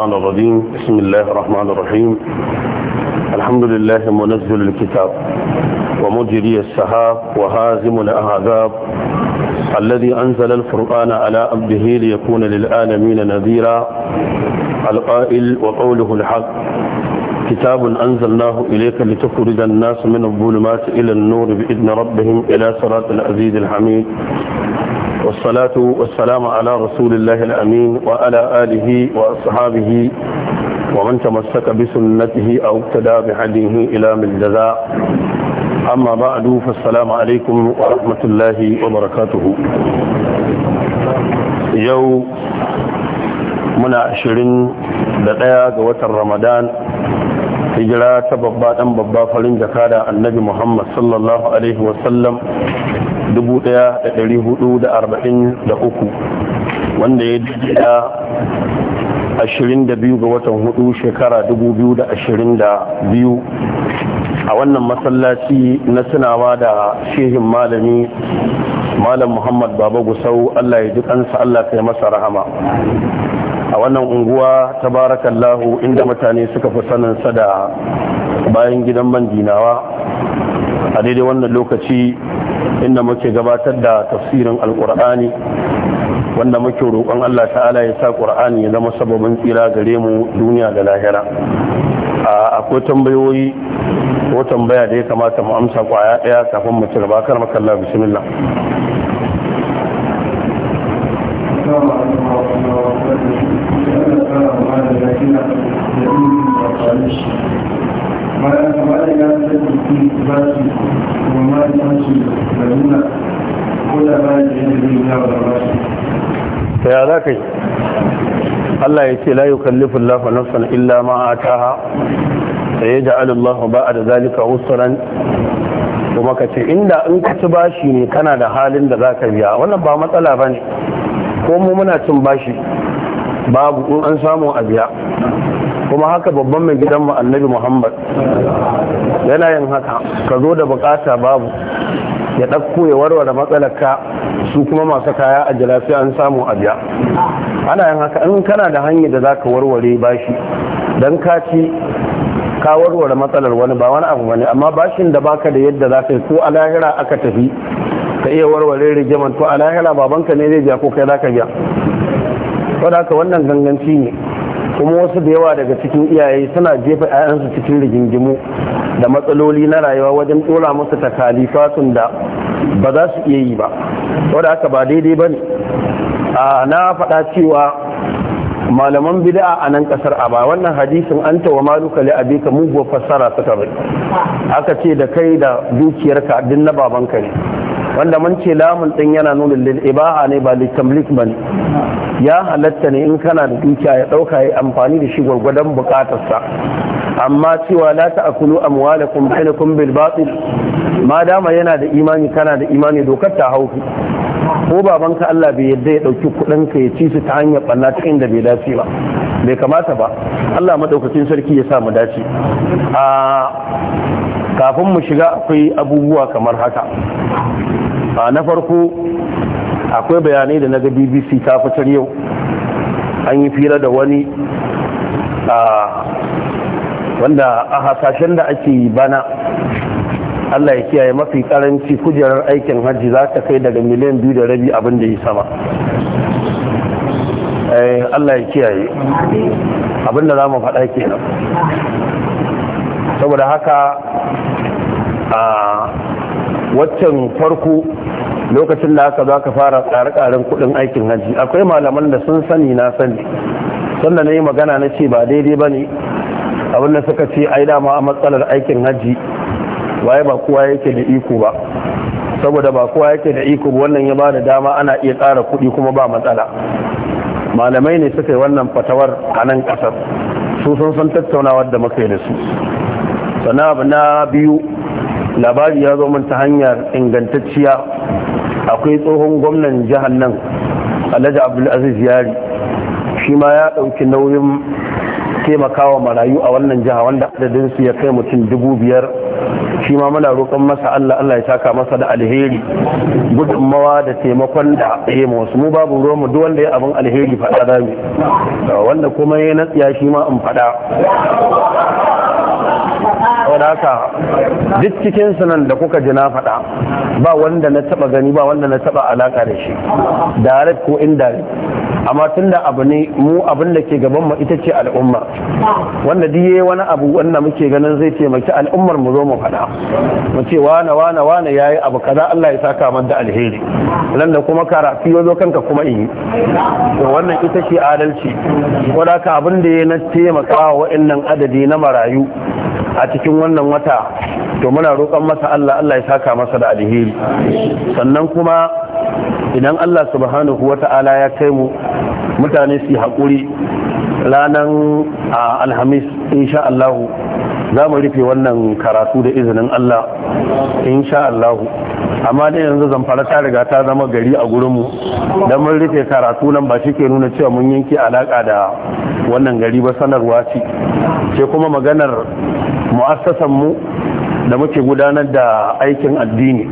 الرجيم بسم الله الرحمن الرحيم الحمد لله منزل الكتاب ومجري السحاب وهازم الأهذاب الذي أنزل الفرقان على عبده ليكون للعالمين نذيرا القائل وقوله الحق كتاب أنزلناه إليك لتخرج الناس من الظلمات إلى النور بإذن ربهم إلى صراط العزيز الحميد والصلاة والسلام على رسول الله الأمين وعلى آله وأصحابه ومن تمسك بسنته أو ابتدى بهديه إلى من جزاء أما بعد فالسلام عليكم ورحمة الله وبركاته يوم muna عشرين دقيقة وتر رمضان hijira ta babba dan babba farin jaka da annabi muhammad sallallahu alaihi wasallam 1443 wanda ya jida 22 ga watan hudu shekara 2022 a wannan masallaci na tunawa da shehin malami malam muhammad baba gusau allah ya ji kansa allah ta yi masa rahama a wannan unguwa ta barakallahu inda mutane suka fi saninsa da bayan gidan manjinawa a daidai wannan lokaci inda muke gabatar da tafsirin alkur'ani wanda muke roƙon allah ta'ala ya sa ƙur'ani ya zama sababin tsira gare mu duniya da lahira A akwai tambayoyi ko tambaya da ya kamata mu amsa kwaya daya kafin mu ci gaba kar makalla bismillah ya ba shi kuma shi nuna ko da ba ba shi ta za ka yi Allah ya ce la kalli Allah nafsan illa ma sayaj'al Allahu ba'da zalika usran kuma ka ce inda in ka ci bashi ne kana da halin da zaka biya wannan ba matsala bane ko mu muna cin bashi babu in an samu a biya kuma haka babban mai gidan mu annabi Muhammad yana yin haka ka zo da bukata babu ya ɗauko ya warware matsalar ka su kuma masu kaya a jira an samu a biya ana yin haka in kana da hanyar da za ka warware bashi dan ka ci ka warware matsalar wani ba wani abu bane amma bashin da baka da yadda za ka yi ko a lahira aka tafi ka iya warware rigiman to a lahira babanka ne zai biya ko kai za ka biya saboda haka wannan ganganci ne kuma wasu da yawa daga cikin iyaye suna jefa 'ya'yansu cikin rigingimu da matsaloli na rayuwa wajen tsora musu takalifatun da ba za su iya yi ba wadda aka ba daidai ba ne na faɗa cewa malaman bid'a a nan kasar a ba wannan hadisin an tawa maluka li abika mugu fasara suka bai aka ce da kai da dukiyarka din na babanka ne wanda mun ce lamun din yana nuna lil ibaha ne ba li tamlik bane ya halatta ne in kana da dukiya ya dauka ya amfani da shi gwargwadon sa amma cewa la ta'kulu amwalakum bainakum bil batil ma dama yana da imani kana da imani dokar ta hauki ko babanka Allah bai yadda ya ɗauki ka ya ci su ta hanyar balla ta inda bai dace ba bai kamata ba Allah madaukakin sarki ya sa mu dace a kafin mu shiga akwai abubuwa kamar haka a na farko akwai bayanai da na ga bbc ta fitar yau an yi fira da wani a wanda a hasashen da ake bana Allah ya kiyaye mafi karanci kujerar aikin hajji za ta kai daga miliyan biyu da rabi abin da ya sama eh, Allah ya kiyaye abin da za mu faɗa ke nan, saboda haka a waccan farko lokacin da aka za ka fara tsare-tsaren kudin aikin hajji akwai malaman da sun sani na sani sannan na yi magana na ce ba daidai ba ne Abin da suka ce ai dama a matsalar aikin hajji waye ba kowa yake da iko ba saboda ba kowa yake da iko ba wannan ya bada dama ana iya tsara kuɗi kuma ba matsala malamai ne suka yi wannan fatawar a nan ƙasar su sun san tattaunawar da muka yi da su sana abu na biyu labari ya zo min ta hanyar ingantacciya akwai tsohon gwamnan jihar nan alhaji abdulaziz yari shi ma ya ɗauki nauyin taimakawa marayu a wannan jiha wanda adadinsu ya kai mutum dubu biyar shi ma muna roƙon masa Allah Allah ya saka masa da alheri gudunmawa da taimakon da ya wasu mu babu ruwan mu duk wanda ya abin alheri faɗa da wanda kuma ya natsiya shi ma in faɗa haka duk cikin nan da kuka ji na faɗa ba wanda na taɓa gani ba wanda na taɓa alaƙa da shi direct ko indirect amma tunda abu ne mu abin da ke gaban mu ita ce al'umma wanda duk yayi wani abu wanda muke ganin zai taimaki al'ummar mu zo mu faɗa mu ce wane wane wane yayi abu kaza Allah ya saka man da alheri nan da kuma karafi ya zo kanka kuma yi to wannan ita ce adalci ko da ka abin da yayi na taimaka wa wa'annan adadi na marayu a cikin wannan wata to muna roƙon masa Allah Allah ya saka masa da alheri sannan kuma idan Allah subhanahu wata'ala ya kai mu mutane su haƙuri ranar a alhamis insha Allah za mu rufe wannan karatu da izinin Allah insha Allah amma dai yanzu zamfara ta riga ta zama gari a gurinmu don mun rufe karatu nan ba shi ke nuna cewa mun yanke alaƙa da wannan gari ba sanarwa ce sai kuma maganar mu'assasan mu da muke gudanar da aikin addini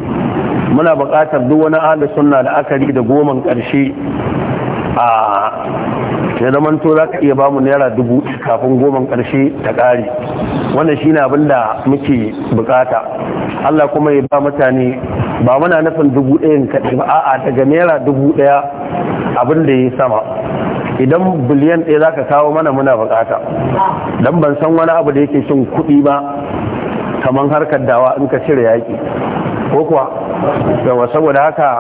muna buƙatar duk wani ahli sunna da akari da goman ƙarshe a ya zaman to za ka iya ba mu naira dubu kafin goman ƙarshe ta ƙare wannan shi na abin da muke buƙata allah kuma ya ba mutane ba muna nufin dubu ɗayan kaɗai ba a'a daga naira dubu ɗaya abin da ya sama idan biliyan ɗaya za ka kawo mana muna bukata don ban san wani abu da yake cin kuɗi ba kamar harkar dawa in ka cire yaƙi ko kuwa yawa saboda haka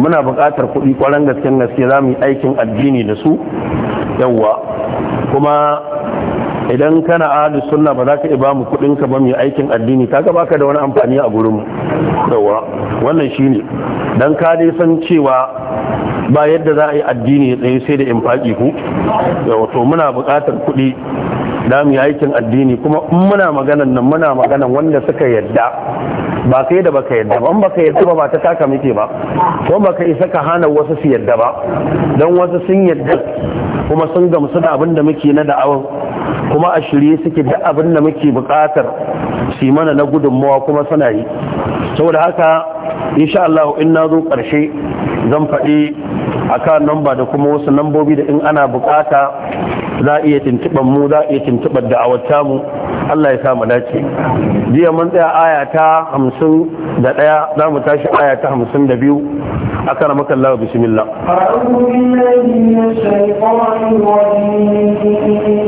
muna buƙatar kuɗi ƙwarar gaske gaske za mu yi aikin addini da su yawa kuma idan kana ahlus sunna ba za ka iba mu kudin ka ba mu aikin addini gaba baka da wani amfani a gurin mu yawa wannan shine dan ka dai san cewa ba yadda za a yi addini ya tsaye sai da in faƙi ku yawa to muna buƙatar kuɗi da mu aikin addini kuma in muna maganan nan muna maganan wanda suka yadda ba kai da baka yadda ba in baka yadda ba ba ta taka muke ba ko baka isa ka hana wasu su yadda ba don wasu sun yadda kuma sun gamsu da abin da muke na da'awar kuma a shirye suke da abin da muke bukatar su mana na gudunmawa kuma suna yi saboda haka insha Allah in na zo karshe zan faɗi akan namba da kuma wasu nambobi da in ana bukata za a iya tuntuɓar mu za a iya tuntuɓar awata mu Allah ya sa mu dace jiya mun tsaya aya ta 51 za mu tashi aya ta 52 أكرمك الله بسم الله أعوذ بالله من الشيطان الرجيم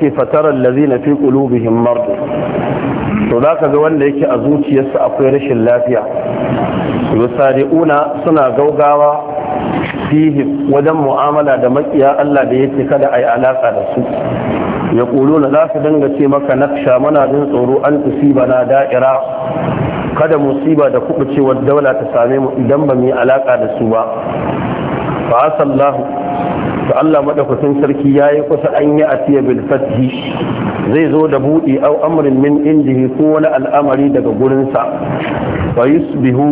ce fatarar lazina fi qulubihim mardu to za ka ga wanda yake a zuciyarsa akwai rashin lafiya yusari'una suna gaugawa fihi wajen mu'amala da makiya Allah da yake kada yi alaka da su ya na za su dinga ce maka naksha muna jin tsoro an tusiba na da'ira kada musiba da kuɓucewar daula ta same mu idan ba mu yi alaka da su ba fa asallahu to Allah madaukakin sarki yayi kusa an yi a bil fathi zai zo da budi au amrin min indihi ko wani al'amari daga gurin sa wa yusbihu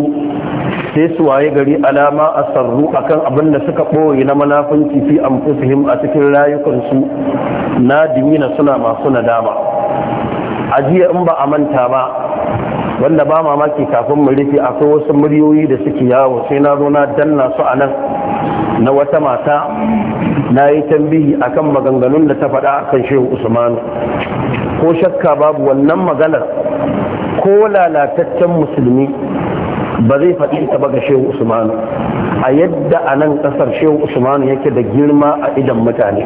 sai su waye gari alama asarru akan abin da suka boye na manafinci fi anfusihim a cikin rayukansu na dimina suna masu nadama a jiya in ba a manta ba wanda ba mamaki kafin mu rufe akwai wasu muryoyi da suke yawo sai na zo na danna su a nan na wata mata na yi tambihi akan maganganun da ta faɗa akan shehu usmanu ko shakka babu wannan maganar ko lalataccen musulmi ba zai faɗi ta ba ga shehu usmanu a yadda a nan ƙasar shehu usmanu yake da girma a idan mutane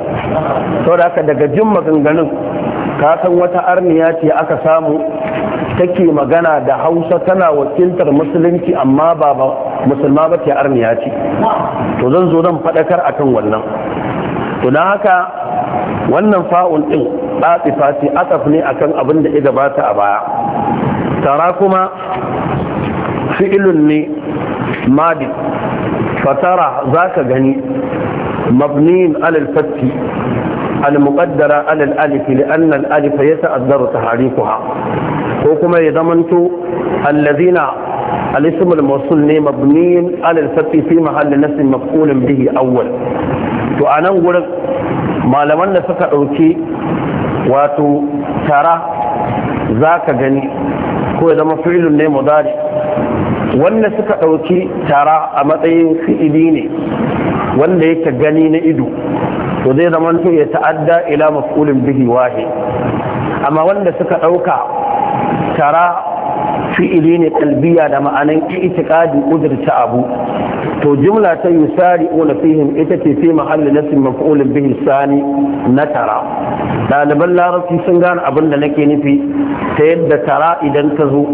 saboda haka daga jin maganganun ka san wata arniya ce aka samu take magana da hausa tana wakiltar musulunci amma ba musulma ba ce arniya ce to zan zo zan faɗakar akan wannan to don haka wannan fa'un ɗin ɗatsifa ce ataf ne akan abin da iga bata a baya tara kuma fi'ilun ne madi fatara za ka gani mabniyin alal al-muqaddara ala al-alif ya anna al-alif yata'addaru taharikuha ko kuma ya zamanto allazina al-ism al-mawsul ne mabniyin ala al-fath fi mahall nasb bihi awwal to anan gurin malaman da suka dauki wato tara zaka gani ko ya zama fi'lun ne mudari wanda suka ɗauki tara a matsayin fi'ili ne wanda yake gani na ido to zai zama to ya ta'adda ila maf'ulin bihi wahid amma wanda suka ɗauka tara fi'ili ne kalbiya da ma'anan i'tiqadi udurta abu to jumla ta yusari'una fihim ita ce fi mahalli nasin maf'ulin bihi sani na tara ɗaliban larabci sun gane abin da nake nufi ta yadda tara idan ta zo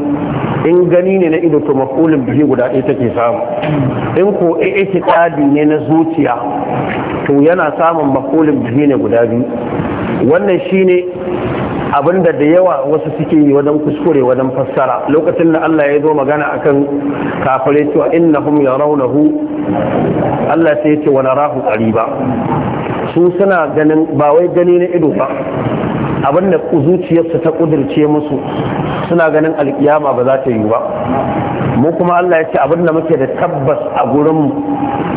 in gani ne na ido to maf'ulin bihi guda ɗaya take samu in ko i'tiqadi ne na zuciya to yana samun maf'ulin bihi ne guda biyu wannan shine abinda da yawa wasu suke yi wajen kuskure wajen fassara lokacin da Allah ya zo magana akan kafare cewa innahum yarawnahu Allah sai ya ce wa narahu qariba su suna ganin ba wai gani na ido ba abinda zuciyarsu ta kudirce musu suna ganin alkiyama ba za ta yi ba mu kuma Allah ya ce abin abinda muke da tabbas a gurin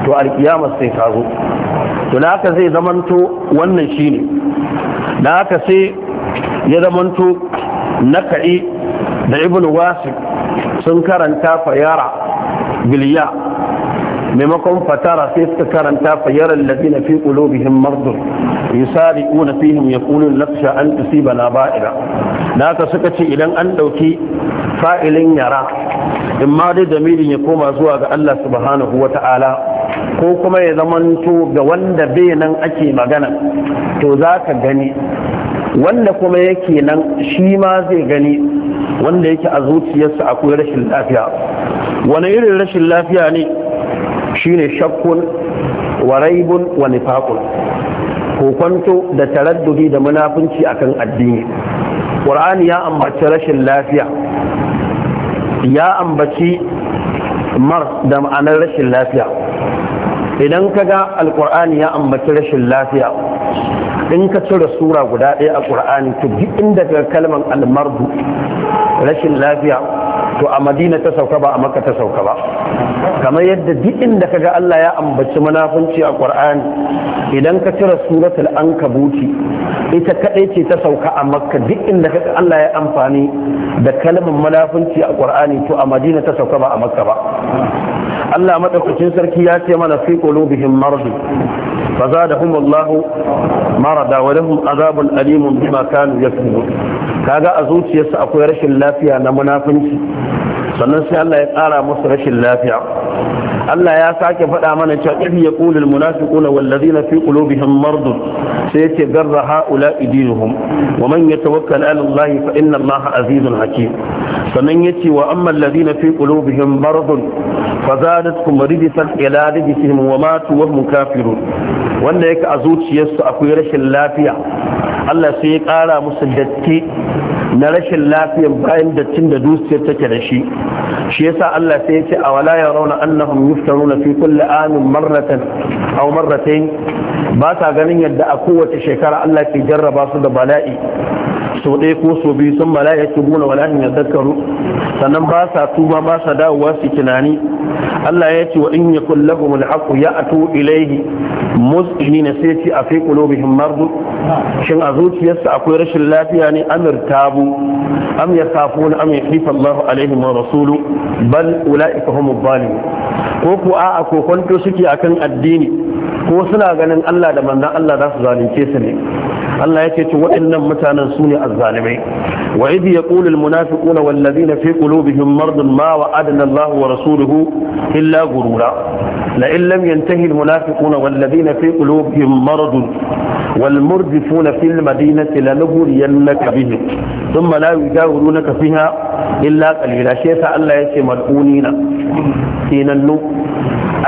to alkiyama sai ta zo to na haka zai zamanto wannan shine da haka sai ya zamanto naka'i da ibn wasik sun karanta fayara biliya maimakon fatara sai suka karanta fayara lalabi na fi ƙulobihim mardur yusari una fihim ya ƙulun lafsha an ba na ba'ira da haka suka ce idan an ɗauki fa'ilin yara in ma dai damirin ya koma zuwa ga Allah subhanahu wa ta'ala ko kuma ya zamanto ga wanda bai nan ake magana to za ka gani wanda kuma yake nan shi ma zai gani wanda yake a zuciyarsa akwai rashin lafiya wani irin rashin lafiya ne shi ne shakkun wa raibun wa kokonto da taraddudi da munafunci akan addini ƙwar'ani ya ambaci rashin lafiya ya ambaci mar da ma'anar rashin lafiya idan kaga alƙwar'ani ya ambaci rashin lafiya in ka cire sura guda ɗaya a ƙur'ani to duk inda ga kalmar almardu rashin lafiya to a madina ta sauka ba a maka ta sauka ba kamar yadda duk inda kaga Allah ya ambaci munafunci a ƙur'ani idan ka cire suratul ankabuti ita kadai ce ta sauka a makka duk inda ga Allah ya amfani da kalmar munafunci a ƙur'ani to a madina ta sauka ba a makka ba Allah madaukakin sarki ya ce mana fi qulubihim mardi فزادهم الله مرضا ولهم عذاب اليم بما كانوا يكذبون kaga a zuciyarsa akwai rashin lafiya na munafunci sannan sai Allah ya ƙara musu rashin lafiya Allah ya sake faɗa mana cewa if yaqulul munafiquna wal na fi qulubihim marad sai yace garra haula idinuhum wa man yatawakkal ala Allah fa inna Allah azizun hakim sannan yace wa amma na fi qulubihim marad fa zadatkum rijsan ila rijsihim wa matu wa hum kafirun wanda yake a zuciyarsu akwai rashin lafiya Allah sai ya ƙara musu datti na rashin lafiyar bayan dattin da dusiyar take da shi shi yasa Allah sai ce a wala rauna annahum yuftaruna fi kulli amin marratan aw marratayn ba sa ganin yadda a kowace shekara Allah ke jarraba su da bala'i su ɗaya ko su biyu sun mala ya ce buna wala in sannan ba sa tuba ba sa dawowa su tunani Allah ya ce wa in yakul lahum al-haqu ya'tu ilayhi muslimina sai ce a fi qulubihim mardu shin a zuciyarsu akwai rashin lafiya ne amir tabu am yakhafuna am yakhif allahu alaihim wa rasulu bal ula'i hum adh bali ko ku a ko kwanto suke akan addini ko suna ganin Allah da manzon Allah za su zalunce su ne Allah ya ce to waɗannan mutanen su ne azzalimai wa idh yaqulu almunafiquna wallazina fi qulubihim mardun ma wa'adna Allah wa rasuluhu illa gurura la in lam yantahi almunafiquna wallazina fi qulubihim maradun والمردفون في المدينة لنبرينك بهم ثم لا يجاورونك فيها إلا قليلا شيء الله يسمى الأونين سيننو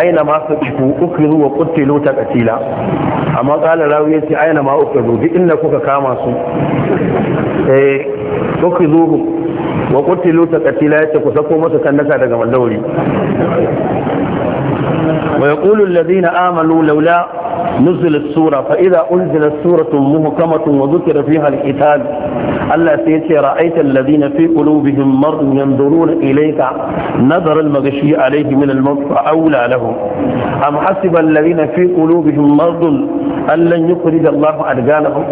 aina ma su ku ukrizu wa ta katila, amma qala rawi yace aina ma ukrizu duk inda kuka kama su eh ukrizu wa qutilu taqtila yace ku sako masa kannaka daga mallauri wa yaqulu alladhina amanu laula نزلت سورة فإذا أنزلت سورة مهكمة وذكر فيها القتال ألا سيتي رأيت الذين في قلوبهم مرض ينظرون إليك نظر المغشي عليه من الموت فأولى لهم أم حسب الذين في قلوبهم مرض أن لن يخرج الله أدقانهم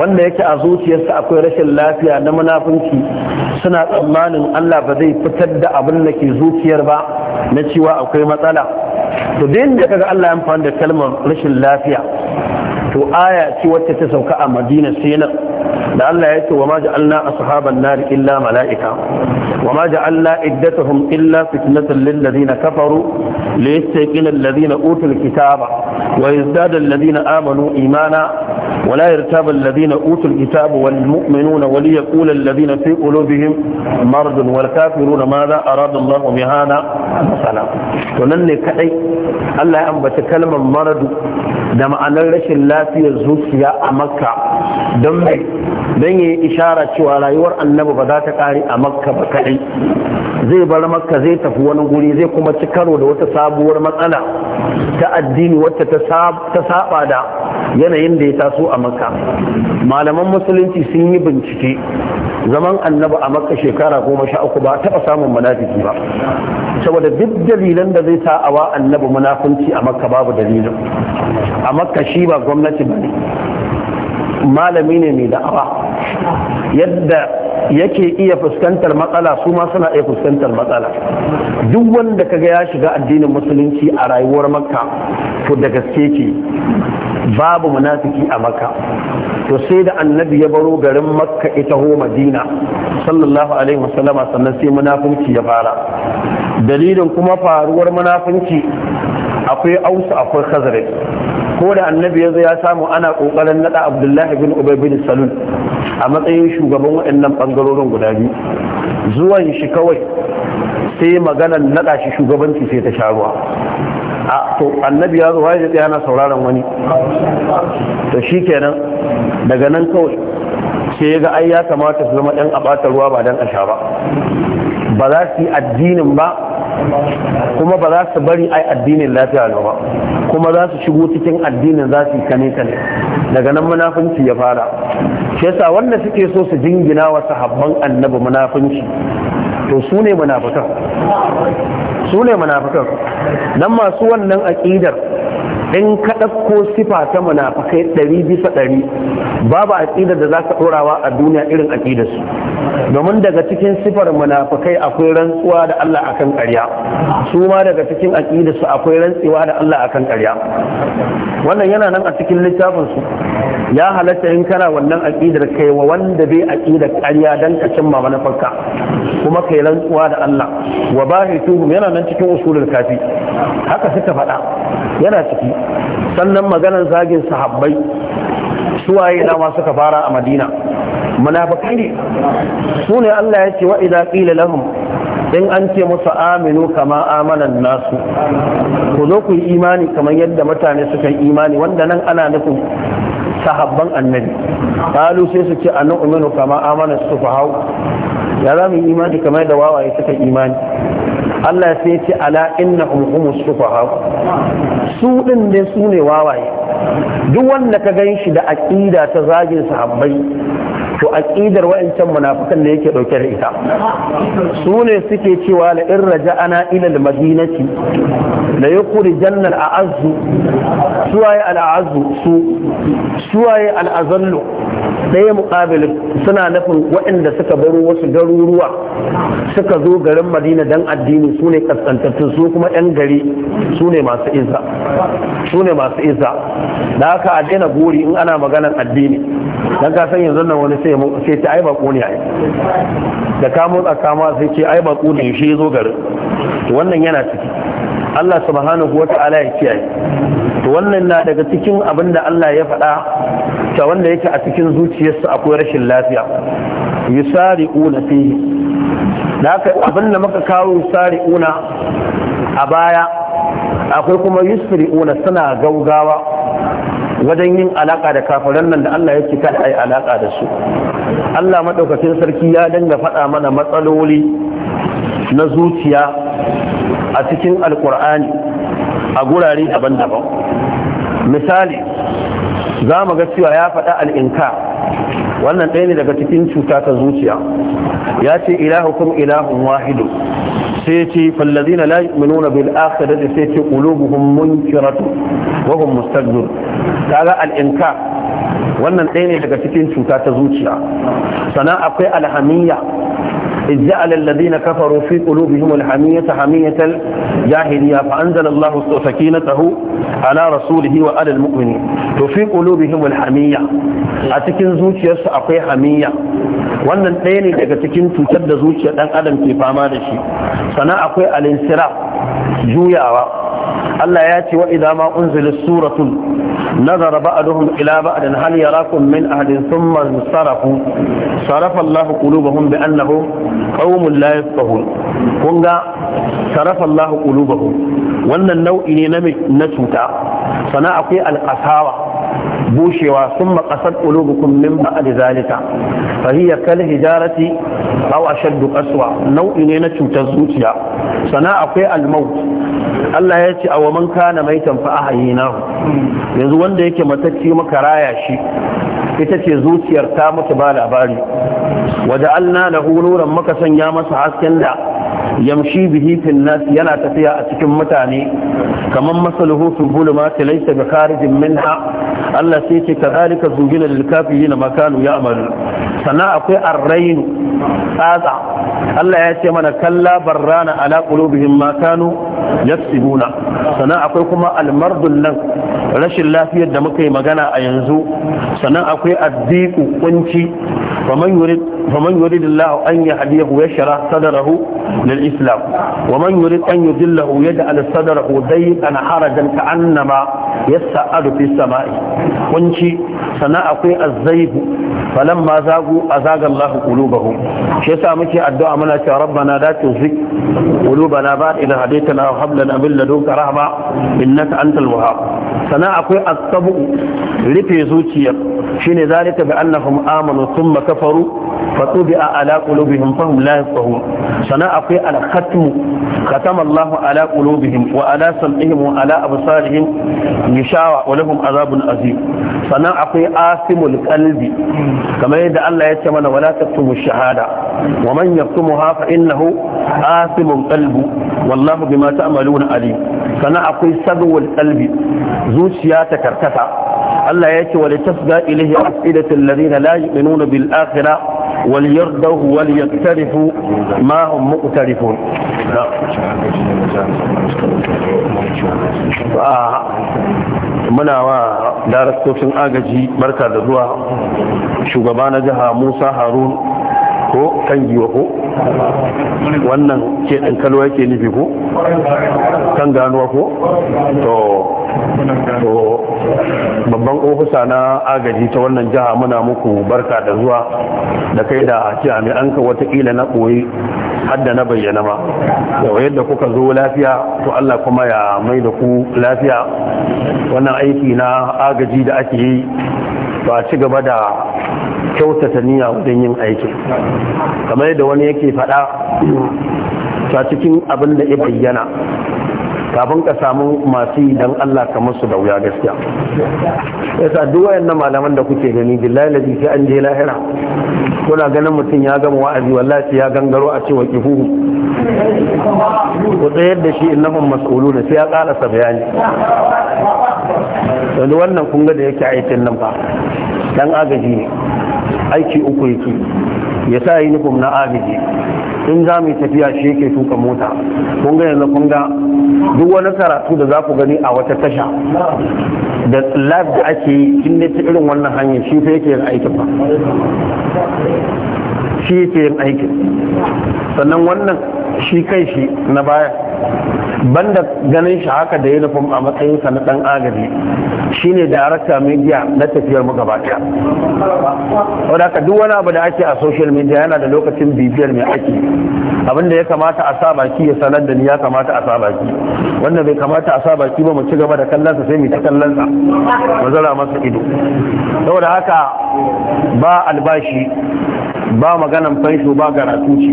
wanda yake a zuciyarsa akwai rashin lafiya na munafunci suna tsammanin Allah ba zai fitar da abin da ke zuciyar ba na cewa akwai matsala to da kaga Allah ya amfani da kalmar rashin lafiya to aya ce wacce ta sauka a Madina sai da Allah ya ce wa ma ja'alna ashaban nar illa mala'ika wa ma ja'alna iddatuhum illa fitnatan lil ladina kafaru liyastaqina alladhina utul kitaba wa yazdada alladhina amanu imana wa la yartaba alladhina utul kitaba wal mu'minuna wa liyaqula alladhina fi qulubihim marad wal kafiruna madha arada Allahu bi hada masala to nan ne kadai Allah ya ambaci kalmar maradu da ma'anar rashin lafiyar zuciya a makka don mai don yi ishara cewa rayuwar annabi ba za ta kare a makka ba kaɗai zai bar makka zai tafi wani guri zai kuma ci karo da wata sabuwar matsala ta addini wacce ta saba da yanayin da ya taso a makka malaman musulunci sun yi bincike zaman annabi a makka shekara goma sha uku ba a taɓa samun munafiki ba saboda duk dalilan da zai sa wa annabi munafunci a makka babu dalilin a makka shi ba gwamnati ba ne malami ne mai da'awa yadda yake iya fuskantar matsala su ma suna iya fuskantar matsala duk wanda kaga ya shiga addinin musulunci a rayuwar makka to da gaske ce babu munafiki a makka to sai da annabi ya baro garin makka ita ho madina sallallahu alaihi wasallama sannan sai munafunci ya fara dalilin kuma faruwar munafunci akwai ausu akwai khazraj ko da annabi ya zo ya samu ana kokarin nada abdullahi bin ubay bin salul a matsayin shugaban waɗannan bangarorin guda biyu zuwan shi kawai sai maganar nada shi shugabanci sai ta sha ruwa a to annabi ya zo ya tsaya yana sauraron wani to shikenan daga nan kawai sai ya ga ai ya kamata su zama ɗan a ruwa ba dan a sha ba ba za su yi addinin ba kuma ba za su bari ai addinin lafiya ba kuma za su shigo cikin addinin za su yi kane kane daga nan munafunci ya fara shi yasa wanda suke so su jingina wa sahabban annabi munafunci to su ne munafukan su ne munafukan Nan masu wannan aqidar in ka ɗauko sifa ta munafikai ɗari bisa ɗari babu aƙidar da za ka ɗorawa a duniya irin aƙidar su domin daga cikin sifar munafikai akwai rantsuwa da Allah akan ƙarya su ma daga cikin aƙidar su akwai rantsuwa da Allah akan ƙarya wannan yana nan a cikin littafin su ya halatta in kana wannan aƙidar kai wa wanda bai aƙidar ƙarya dan ka cimma manufarka kuma kai rantsuwa da Allah wa Tuhu yana nan cikin usulul kafi haka suka faɗa yana ciki sannan maganar zagin sahabbai suwaye dama suka fara a madina munafikai ne su ne Allah ya ce wa'iza ƙila lahum in an ce musu aminu kama amanan nasu ku zo ku yi imani kamar yadda mutane suka yi imani wanda nan ana nufin sahabban annabi qalu sai su ce anu uminu kama fa hau, ya za mu yi imani kamar yadda wawaye suka yi imani Allah sai ce ala inna humus sufaha su din ne su ne wawaye duk wanda ka gan shi da aqida ta zagin sahabbai to aqidar wa'ancan munafikan da yake dauke da ita su ne suke cewa la in raja'ana ila al la yukhrijanna al suwaye al su suwaye al ɗaya mukabil suna nufin waɗanda suka baro wasu garuruwa suka zo garin madina don addini su ne kaskantattun su kuma 'yan gari su ne masu isa su ne masu isa da haka a daina gori in ana maganar addini don ka san yanzu nan wani sai ta ai baƙo ne ai da kamun tsakama kama sai ce ai baƙo ne shi zo garin wannan yana ciki Allah subhanahu wa ta'ala ya kiyaye to wannan na daga cikin abin da Allah ya faɗa ta wanda yake a cikin zuciyarsa akwai rashin lafiya yusari'una fi da aka abin da muka kawo yusari'una a baya akwai kuma yusri'una suna gaugawa wajen yin alaka da kafiran nan da Allah yake kada ai alaka da su Allah madaukakin sarki ya danga faɗa mana matsaloli na zuciya a cikin alkur'ani a gurare daban-daban misali za mu ga cewa ya faɗa al'inka wannan ɗaya ne daga cikin cuta ta zuciya ya ce kuma ilahun wahidu sai ce fallazina la yu'minuna bil akhirati sai ce qulubuhum munkiratu wa hum mustakbir kaga ga al'inka wannan ɗaya ne daga cikin cuta ta zuciya sannan akwai alhamiyya إذ جعل الذين كفروا في قلوبهم الحمية حمية الجاهلية فأنزل الله سكينته على رسوله وعلى المؤمنين وفي قلوبهم الحمية أتكن زوجي أقوي حمية wannan ɗaya ne daga cikin cutar da zuciya ɗan adam ke fama da shi sana akwai alinsira juyawa Allah ya ce wa idan ma unzila suratun نظر بعضهم إلى بعض هل يراكم من أحد ثم انصرفوا صرف الله قلوبهم بأنه قوم لا يفقهون كونغا صرف الله قلوبهم وأن النوع إني نمي نسوتا فنا أقي القساوة bushewa sun maƙasar ƙulubukun min ba'ad zalika fa hiya kal hijarati aw ashaddu qaswa nau'i ne na cutar zuciya sana akwai almaut Allah ya ce awa man kana maitan fa ahayina yanzu wanda yake mataki muka raya shi ita ce zuciyar ta mutu ba labari waje alna lahu nuran maka sanya masa hasken da yamshi bihi fil nas yana tafiya a cikin mutane kamar masaluhu fi zulumat laysa bi kharijin minha Allah sai ce kadhalika zugina lil kafirin ma ya'malu sannan akwai arrain tsatsa Allah ya ce mana kalla barrana ala qulubihim ma kanu yaksibuna sannan akwai kuma almardun nan rashin lafiyar da muka yi magana a yanzu sannan akwai addiku kunci faman yurid faman yuridillahu an yahdiyahu yashra sadrahu للإسلام ومن يريد أن يدله يجعل صدره ضيقا حرجا كأنما يسعد في sama'i. kunci Sannan akwai azzaibu falamma zagu azaga Allah qulubahum shi yasa muke addu'a muna cewa rabbana la tuzigh qulubana ba'da idh hadaytana wa hab lana min ladunka rahma innaka antal wahhab sana akwai asabu rufe zuciya shine zalika bi annahum amanu thumma kafaru ala qulubihim fahum la yafqahun sana akwai al-khatmu khatama Allah ala qulubihim wa ala sam'ihim wa ala absarihim yushawa wa lahum azabun azim sana akwai asimul qalbi kamar yadda Allah ya ce mana wala taktumu shahada wa man yasumuha fa innahu asimun qalbu wallahu bima ta'maluna alim sana akwai sadwal qalbi zuciya ta karkata Allah ya ce wala tasga ilayhi afidatul ladina la yu'minuna bil akhirah wal yardahu wal yaktarifu ma hum muqtarifun muna wa daraktocin agaji barka da zuwa shugaba na jiha musa harun ko kan giwa ko wannan ke ɗan kalwa ke nufi ko kan ganuwa ko to babban ofisa na agaji ta wannan jiha muna muku barka da zuwa da kai da jami'anka watakila na ɓoye hadda na bayyana ma yau yadda kuka zo lafiya to Allah kuma ya mai da ku lafiya wannan aiki na agaji da ake yi ba ci gaba da kyautata niyya wajen yin aikin kamar yadda wani yake faɗa ta cikin abin da ya bayyana kafin ka samu masu yi don Allah kamar su da wuya gaskiya sa duk na malaman da kuke gani billahi da sai an je lahira kuna ganin mutum ya gama wa'azi wallahi ya gangaro a cewa huhu ku tsayar da shi innahum da sai ya karasa bayani yanzu wannan kun ga da yake aikin nan fa dan agaji ne aiki uku yake ya sa nufin na agaji in za mu tafiya shi yake tuka mota kun ga yanzu kun duk wani karatu da za ku gani a wata tasha da lab da ake yi in ta irin wannan hanyar shi fa yake yin aiki ba. shi yake yin aikin sannan wannan shi kai shi na baya banda ganin shi haka da uniform a matsayinsa na dan agaji shine darakta media na tafiyar mu gaba wadaka wadda duk wani abu da ake a social media yana da lokacin bibiyar mai ake abin da ya kamata a sa baki ya sanar da ni ya kamata a sa baki wanda bai kamata a sa baki ba mu ci gaba da kallansa sai mu ci kallansa mu zara masa ido saboda haka ba albashi ba maganan fansho ba garatu ce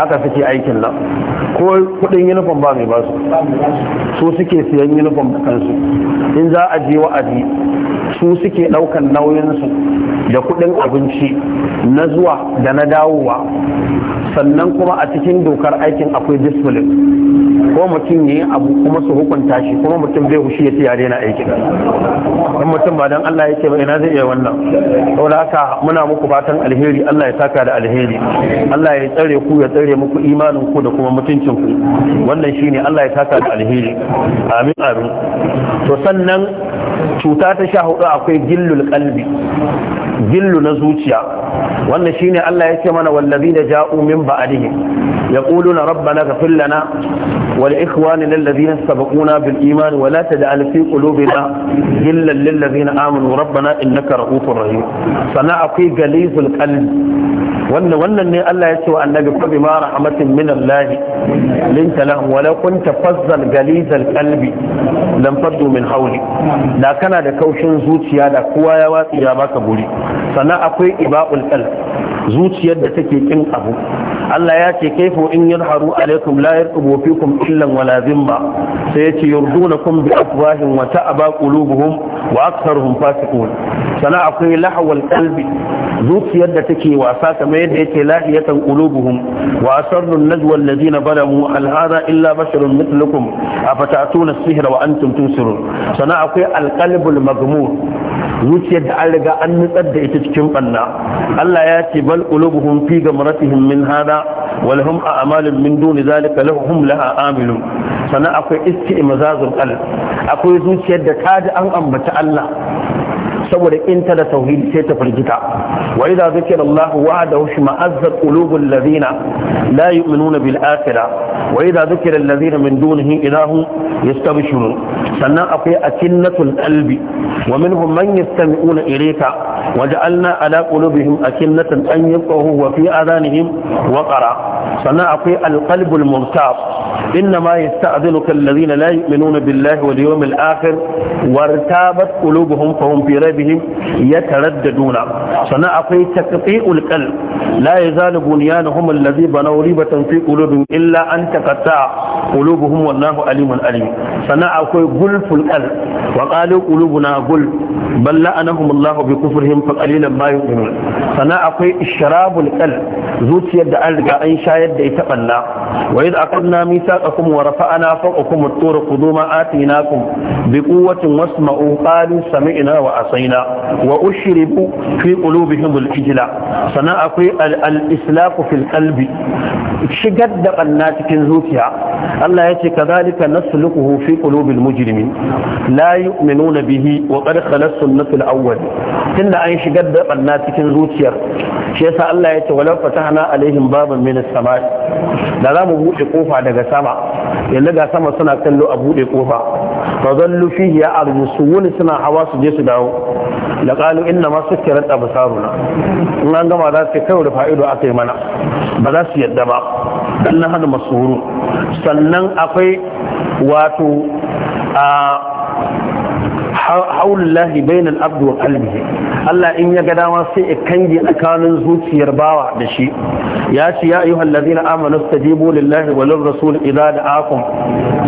haka suke aikin nan ko kudin uniform ba mai basu su suke siyan uniform da kansu in za a je wa'azi su suke daukan nauyinsu da kudin abinci na zuwa da na dawowa sannan kuma a cikin dokar aikin akwai discipline ko mutum ne abu kuma su hukunta shi kuma mutum zai hushi ya ce ya daina aikin in mutum ba don Allah ya ce ba ina zai iya wannan saboda haka muna muku fatan alheri Allah ya saka da alheri Allah ya tsare ku ya tsare muku imanin ku da kuma mutuncin ku wannan shine Allah ya saka da alheri amin amin to sannan cuta ta sha hudu akwai gillul kalbi gillu na zuciya wannan shine Allah ya ce mana wallazina ja'u min ba'dihim yaquluna rabbana ghfir lana ولإخواننا الذين سبقونا بالإيمان ولا تجعل في قلوبنا غلا للذين آمنوا ربنا إنك رؤوف رحيم سنعطي جليز القلب wannan wannan ne Allah ya ce wa annabi ko bi mara rahmatin min Allah lin talahu wala kunta fazzal galiz al qalbi lam faddu min da kana da kaushin zuciya da kowa ya watsi ya baka guri sannan akwai ibaul qalb zuciyar da take kin abu Allah ya ce kaifu in yarharu alaikum la yarqubu fikum illa wala zimma sai yace yurdunakum bi afwahin wa ta'aba qulubuhum wa aktharuhum fasiqun sana akwai lahawal qalbi zuciyar da take wasa kamar yadda yake lahiyatan qulubuhum wa asarru najwa alladhina balamu al hada illa basharun mithlukum afatatuna as-sihra wa antum tusirun sana akwai al qalbul maghmur zuciyar da an riga an nutsar da ita cikin banna Allah ya ce bal qulubuhum fi gamratihim min hada wal a'malun min duni zalika lahum laha amilun sannan akwai istimazazul qalb akwai zuciyar da ta ji an ambata Allah saboda in ta da tauhidi sai ta firgita وإذا ذكر الله وعده اشمأزت قلوب الذين لا يؤمنون بالآخرة وإذا ذكر الذين من دونه إله هم يستبشرون سنة أقي أكنة القلب ومنهم من يستمعون إليك وجعلنا على قلوبهم أكنة أن يفقهوا وفي آذانهم وقرا سنة أقي القلب المغتاب إنما يستأذنك الذين لا يؤمنون بالله واليوم الآخر وارتابت قلوبهم فهم في ريبهم يترددون سنة akwai taqti'ul qalb la yazalu bunyanuhum alladhi banaw ribatan fi qulubihim illa an taqatta qulubuhum wallahu alimun alim sannan akwai gulful qalb wa qalu qulubuna gul bal la'anahum Allahu bi kufrihim fa qalilan bayan yu'minun sannan akwai ishrabul qalb zuciyar da an riga an shayar da ita balla wa idh aqadna mithaqakum wa rafa'na fawqakum at-tur quduma atinakum bi quwwatin wasma'u sami ina wa asayna wa ushribu fi qulubihim rabbul ijla sannan akwai al-islaku fil qalbi shigar da banna cikin zuciya Allah yace kadhalika nasluquhu fi qulubil mujrimin la yu'minuna bihi wa qad khalas sunnatul awwal tunda an shigar da banna cikin zuciyar shi yasa Allah ya ce walau fatahna alaihim baban min as-samai da za mu bude kofa daga sama yanzu ga sama suna kallo a bude kofa fa zallu fihi ya wani suna hawa su je su dawo la qalu inna ma sukkirat absaruna in an gama za su kai da fa'ido akai mana ba za su yadda ba dan na hana masuru sannan akwai wato a haulullahi bainal abdu wa qalbihi Allah in ya ga dama sai ya kange tsakanin zuciyar bawa da shi ya ce ya ayyuhal ladina amanu stajibu lillahi wa lir rasul idza da'akum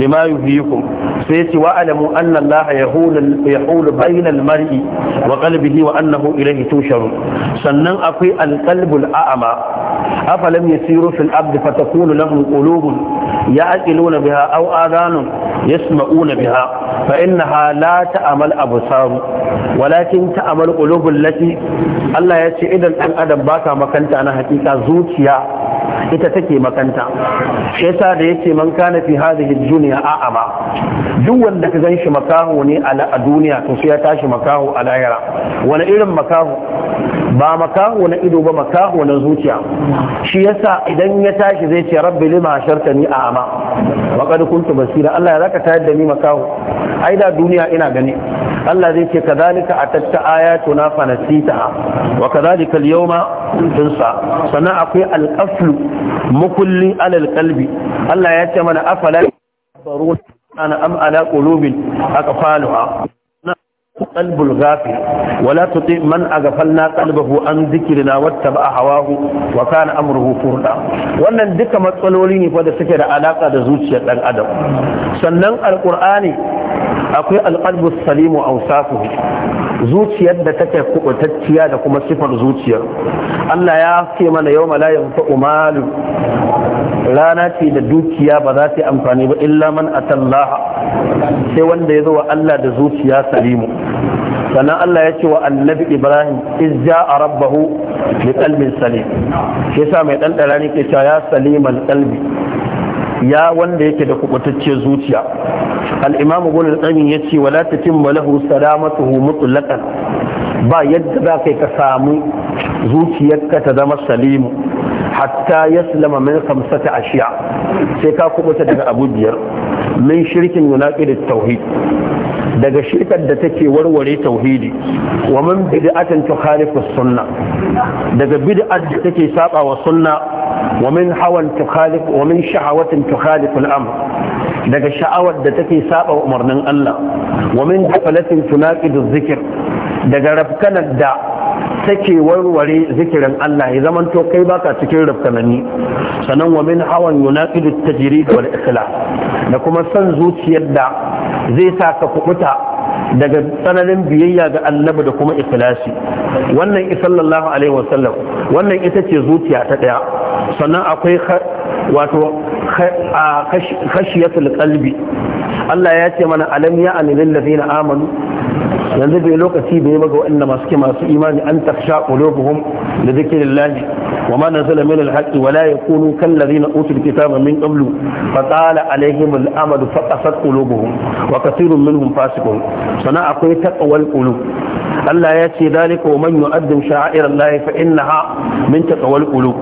lima yuhyikum sai ce wa alamu anna Allah yahulu yahulu bainal mar'i wa qalbihi wa annahu ilayhi tusharun sannan akwai alqalbul a'ma afalam yasiru fil abd fatakunu lahum qulubun ya'qiluna biha aw adanun yasma'una biha fa innaha la ta'mal absar walakin ta'mal qulub bullati Allah ya ce idan ɗan adam baka makanta na hakika zuciya ita take makanta shi yasa da yace man kana da hadhihi a'a a'ama duk wanda ka ganshi makaho ne a duniya to sai ya tashi makaho a lahira wani irin makaho ba makaho na ido ba makaho na zuciya shi yasa idan ya tashi zai ce rabbi lima hashartani a'ama wa basira Allah ya zaka tayar da ni makaho ai da duniya ina gani Allah zai ce ka kadhalika atatta ayatuna fanasita wa kadhalika al-yawma tunsa sannan akwai al-qaflu mukulli alal qalbi Allah ya ce mana afala barun ana am ala qulubin aqfaluha قلب الغافل ولا تطيع من أغفلنا قلبه عن ذكرنا واتبع هواه وكان أمره فرطا wannan duka matsaloli ne fa da suke da alaka da zuciyar ɗan adam sannan alqur'ani akwai alqalbu salimu awsafu zuciyar da take kubutacciya da kuma sifar zuciyar Allah ya ce mana yawma la yanfa'u rana ce da dukiya ba za ta yi amfani ba illa man atallaha sai wanda ya zo wa Allah da zuciya salimu sannan Allah ya ce wa annabi Ibrahim izja a rabbahu da qalbin salim shi sa mai ɗanɗara dara ne ke cewa ya salimal qalbi ya wanda yake da kubutacce zuciya al-imam ibn ya ce yace wala cin malahu salamatuhu mutlaqan ba yadda za kai ka samu zuciyarka ta zama salimu hatta yaslama min khamsati ashiya sai ka kubuta daga abu biyar min shirkin yunaqid da tauhid daga shekar da take warware tauhidi wa man bid'atin tukhalifu sunna daga bid'at da take saba wa sunna wa min hawan tukhalif wa min shahawatin tukhalifu al-amr daga sha'awar da take saba umarnin Allah wa min dafalatin tunaqidu dhikr daga rafkanar da take warware zikirin Allah ya zaman to kai baka cikin rafkanani sannan wa min hawan yunaqidu at-tajrid wal ikhlas da kuma san zuciyar da zai sa ka kubuta daga tsananin biyayya ga annabi da kuma ikhlasi wannan sallallahu alaihi wasallam wannan ita ce zuciya ta daya sannan akwai wato khashiyatul qalbi Allah ya ce mana alam ya anil ladina amanu yanzu bai lokaci da ya maga waɗanda masu ke masu imani an tafsha qulubuhum da zikrillahi wa ma nazala min alhaqi wa la yakunu kal ladina utul kitaba min qablu fa tala alaihim al'amad fa qasat qulubuhum wa kathirun minhum fasiqun sana akwai taqwal qulub Allah ya ce dalika wa man yu'addim sha'air Allah fa ha min taqwal ulu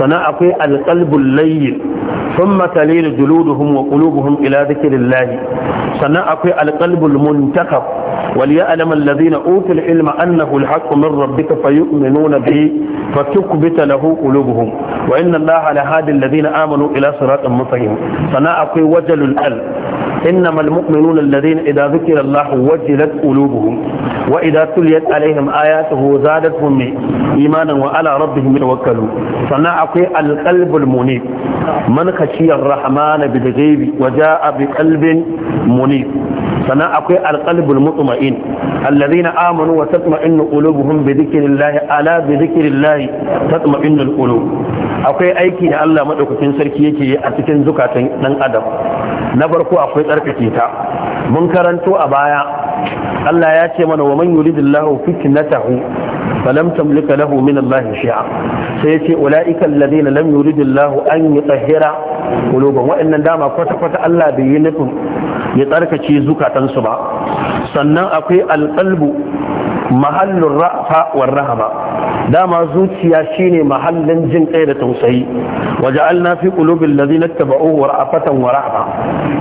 sana akwai alqalbul layyin thumma talilu juluduhum wa qulubuhum ila dhikrillah sana akwai alqalbul muntakab وليعلم الذين اوتوا na انه الحق من ربك فيؤمنون به فتكبت له قلوبهم وان الله لهادي الذين امنوا الى صراط مستقيم فناقي وجل القلب انما المؤمنون الذين اذا ذكر الله وجلت قلوبهم واذا تليت tuliyat alaihim ayatuhu zadatuhum imanan wa ala rabbihim yatawakkalu sannan akwai alqalbul munib man khashiya ar-rahman bil ghaibi wa jaa bi qalbin munib sannan akwai alqalbul mutma'in allazina amanu wa tatma'innu qulubuhum bi dhikrillah ala bi dhikrillah tatma'innu alqulub akwai aiki da Allah madaukakin sarki yake yi a cikin zukatan dan adam na farko akwai tsarkake ta mun karanto a baya Allah ya ce mana wa man yuridillahu fitnatahu فلم تملك له من الله شيئا سيتي lam الذين an يريد الله أن يطهر dama kwata-kwata Allah bai yi nufin. ya tsarkace zukatansu ba sannan akwai alƙalbu mahallin ra'fa war rahama dama zuciya shine mahallin jin kai da tausayi waje waja'alna fi qulubil ladina tabauhu ra'fatan wa rahma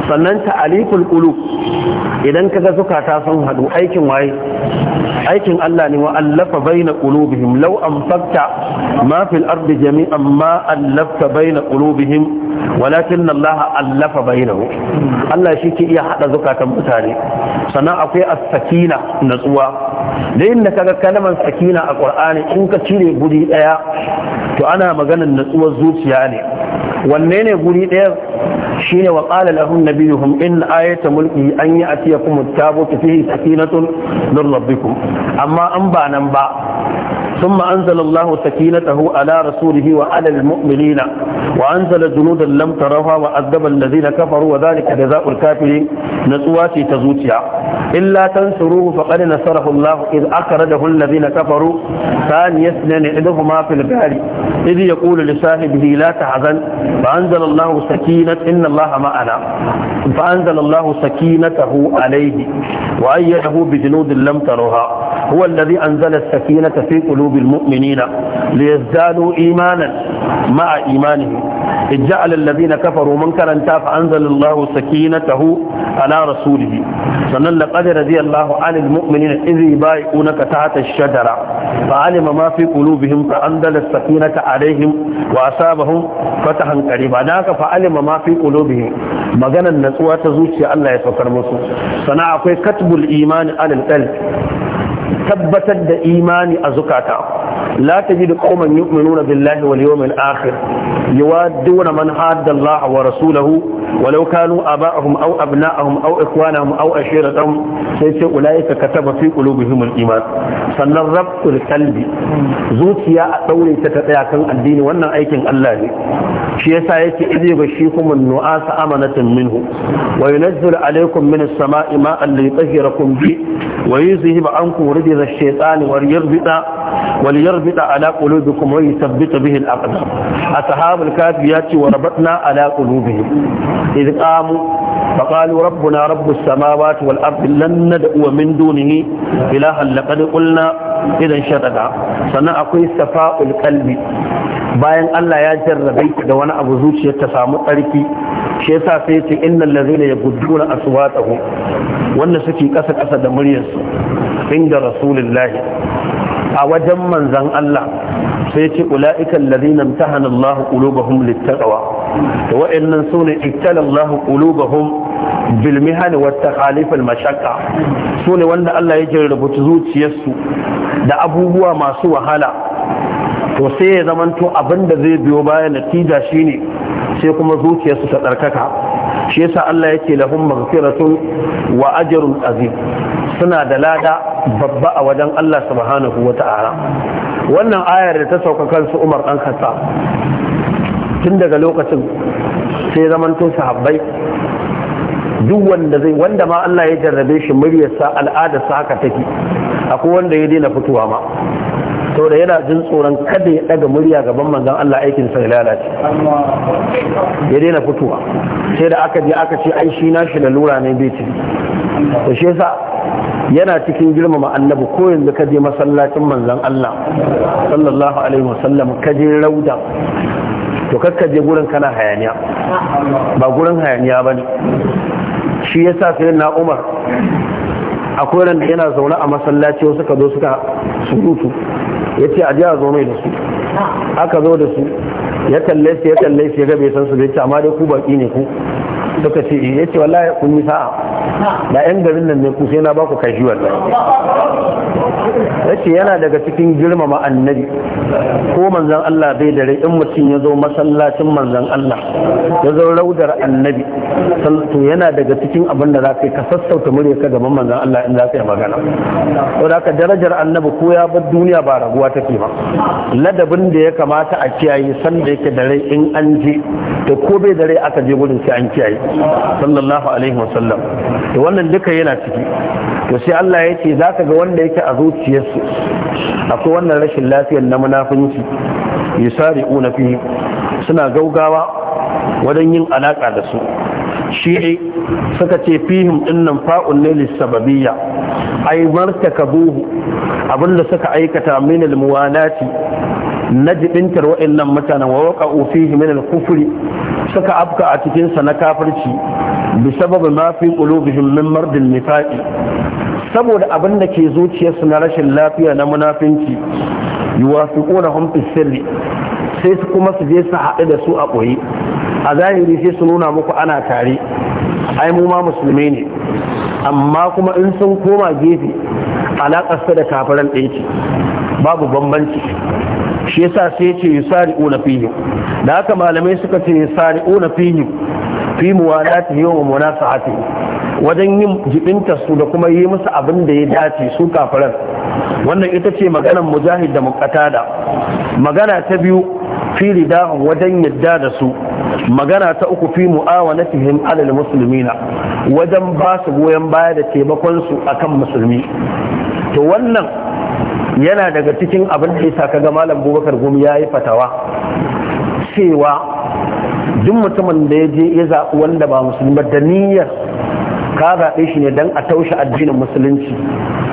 sannan ta ta'aliful qulub idan kaga zukata sun hadu aikin waye aikin Allah ne wa allafa baina lau an fakta ma fil ardi jami'an ma allafta baina qulubihim walakin Allah allafa bainahu Allah shi ke iya hada zukatan mutane sannan akwai as-sakina natsuwa da ka da kaga kalmar sakina a qur'ani in ka cire guri ɗaya to ana maganar natsuwar zuciya ne wanne ne guri ɗaya shine wa qala lahum nabiyuhum in ayata mulki an ya'tiyakum at-tabut fihi sakinatun min rabbikum amma an ba nan ba ثم أنزل الله سكينته على رسوله وعلى المؤمنين وأنزل جنودا لم تروها وعذب الذين كفروا وذلك جزاء الكافرين نسواتي تزوتيا إلا تنصروه فقد نصره الله إذ أخرجه الذين كفروا ثاني يسنن إذهما في البال إذ يقول لصاحبه لا تحزن فأنزل الله سكينة إن الله معنا فأنزل الله سكينته عليه وأيده بجنود لم تروها هو الذي أنزل السكينة في قلوب قلوب المؤمنين ليزدادوا إيمانا مع إيمانهم إذ جعل الذين كفروا منكرا فأنزل الله سكينته على رسوله sannan laqad radiyallahu 'anil mu'minina idh yubayyi'unaka tahta ash-shajara fa'alima ma fi qulubihim fa'anzala as-sakinata 'alayhim wa asabahum fatahan qariba dan haka fa'alima ma fi qulubihim maganan natsuwa ta zuciya Allah ya saukar musu sana akwai katbul imani 'alal qalb tabbatar da imani a zukata la tajidu qauman yu'minuna billahi wal yawmil akhir yuwadduna man hadda wa rasulahu ولو كانوا آباءهم أو أبناءهم أو إخوانهم أو أشيرتهم سيسي أولئك كتب في قلوبهم الإيمان سنن ربط القلب زوتيا أطولي تتتيا كان الدين وانا أيكن الله شيء سايكي إذ يغشيكم النعاس أمنة منه وينزل عليكم من السماء ماء ليطهركم به ويذهب عنكم رجز الشيطان وليربط وليربط على قلوبكم ويثبت به الأقدام أصحاب الكافيات وربطنا على قلوبهم idh qamu فقالوا ربنا رب السماوات والأرض لن ندعو من دونه إلها لقد قلنا إذا شردا سنأقي صفاء القلب bayan Allah ya jarrabe da wani abu zuciyar ta samu tsarki shi yasa sai ce innal ladzina yaqudduna aswatahu wanda suke kasa kasa da muryarsu inda rasulullah a wajen manzon Allah sai ce ulaika alladzina imtahana Allah qulubahum littaqwa to wa'annan sune ittala Allah qulubahum bil mihan wat takhalif al mashaqqa sune wanda Allah ya rubuta zuciyarsu da abubuwa masu wahala to sai ya zamanto abinda zai biyo baya natija shine sai kuma zuciyarsu ta tsarkaka shi yasa Allah yake lahum maghfiratun wa ajrun azim suna da lada babba a wajen Allah subhanahu wata'ala wannan ayar da ta sauka kansu Umar dan Khattab tun daga lokacin sai zaman tun sahabbai duk wanda zai wanda ma Allah ya jarrabe shi muryarsa al'adarsa haka take akwai wanda ya daina fitowa ma To da yana jin tsoron kada ya daga murya gaban manzon Allah aikin sa lalace ya daina fitowa sai da aka je aka ce ai shi nashi lura ne bai ci to shi yasa yana cikin girmama annabi ko yanzu ka je masallacin manzon Allah sallallahu alaihi wasallam ka je rauda to kakka je gurin kana hayaniya ba gurin hayaniya ba ne shi ya sa sai na umar akwai da yana zaune a masallaci wasu ka zo suka surutu ya ce a ji zo mai da su aka zo da su ya kalle su ya kalle su ya gabe san su bai ce amma dai ku baki ne ku suka ce eh, ya ce wallahi kun yi sa'a da yan garin nan ne ku sai na ba ku kashi wallahi ya ce yana daga cikin girmama annabi ko manzan Allah bai da rai in mutum ya zo masallacin manzan Allah ya zo raudar annabi to yana daga cikin abin da za ka yi ka sassauta murya ka gaban manzan Allah in za ka yi magana to da ka darajar annabi ko ya bar duniya ba raguwa take ba ladabin da ya kamata a kiyaye san da yake da rai in an je to ko bai da rai aka je gurin sai an kiyaye sallallahu alaihi wasallam to wannan duka yana ciki to sai Allah ya ce za ka ga wanda yake a zuciyarsu akwai wannan rashin lafiyar na munafunci yusari'una fi suna gaugawa wajen yin alaka da su shi'i suka ce fihim dinnan fa'un ne lissababiyya ay martakabuhu abinda suka aikata min almuwanati na jibintar wa'annan mutanen wa waka ofihi min al suka afka a cikin sa na kafirci bi sababi ma fi qulubihim min mardil nifaqi saboda abin da ke zuciyarsu na rashin lafiya na munafinci yuwafiquna hum fi sirri sai su kuma su je su haɗu da su a ɓoye a zahiri sai su nuna muku ana tare ai mu ma musulmi ne amma kuma in sun koma gefe alaƙarsa da kafiran ɗinki babu bambanci shi yasa sai ce yusari'una fihim da haka malamai suka ce yusari'una fihim fi muwalati wa munasahati wajen yin jibinta su da kuma yi musu abin da ya dace su kafiran wannan ita ce maganar mujahid da muqatada magana ta biyu fi ridahum wajen yadda da su magana ta uku fi mu'awanatihim alal muslimina wajen ba su goyon baya da taimakon su akan musulmi to wannan yana daga cikin abin da isa kaga malam bubakar gumi ya yi fatawa cewa duk mutumin da ya je ya zaɓi wanda ba musulmi da niyyar ka zaɓe shi ne don a taushe addinin musulunci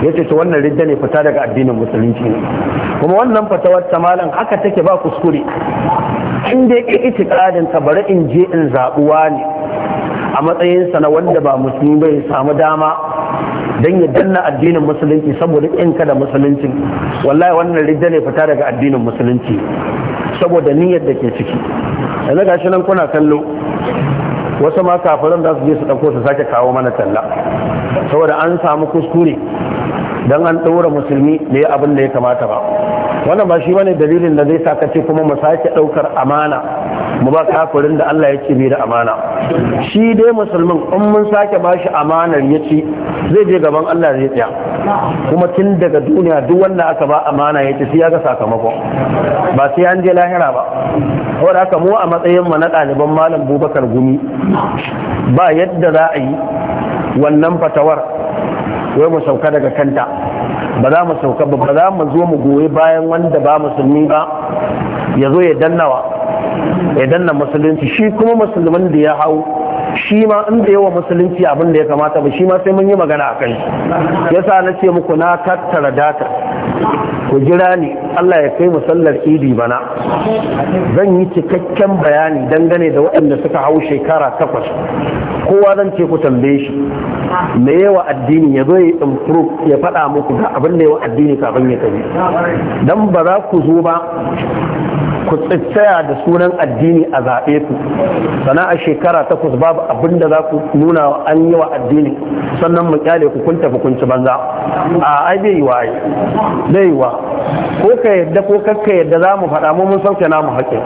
ya ce ta wannan ridda ne fita daga addinin musulunci ne kuma wannan fatawar ta malam haka take ba kuskure in dai ki ƙarin ta bari in je in zaɓuwa ne a matsayinsa na wanda ba musulmi bai samu dama dan ya danna addinin musulunci saboda in kada musulunci wallahi wannan ridda ne fita daga addinin musulunci saboda niyyar da ke ciki yanzu gashi nan kuna kallo wasu ma kafiran za su je su ɗauko su sake kawo mana talla saboda an samu kuskure don an ɗora musulmi da ya abin da ya kamata ba wannan ba shi wani dalilin da zai sa ce kuma mu sake ɗaukar amana mu ba kafirin da Allah ya ce da amana shi dai musulmin in mun sake ba shi amanar ya ci zai je gaban Allah zai tsaya kuma tun daga duniya duk wanda aka ba amana ya ci sai ya ga sakamako ba sai an je lahira ba da haka mu a matsayin mu na ɗaliban malam Bubakar Gumi ba yadda za a yi wannan fatawar wai mu sauka daga kanta ba za mu sauka ba za mu zo mu goyi bayan wanda ba musulmi ba ya zo ya dannawa ya danna musulunci shi kuma musulmin da ya hau shi ma inda yawa musulunci abin da ya kamata ba shi ma sai mun yi magana a kai yasa na ce muku na tattara data ku jira ni Allah ya kai musallar idi bana zan yi cikakken bayani dangane da waɗanda suka hau shekara takwas kowa zan ce ku tambaye shi me yawa addini ya zo ya improve ya faɗa muku ga abin da yawa addini kafin ya kai? dan ba za ku zo ba ku tsaya da sunan addini a zaɓe ku sana a shekara takwas babu abin da za ku nuna an yi wa addini sannan mu kyale ku kun tafi kun ci banza a ai bai yi wa bai yi wa ko ka yadda ko kakka yadda za mu faɗa mu mun sauke namu haƙƙin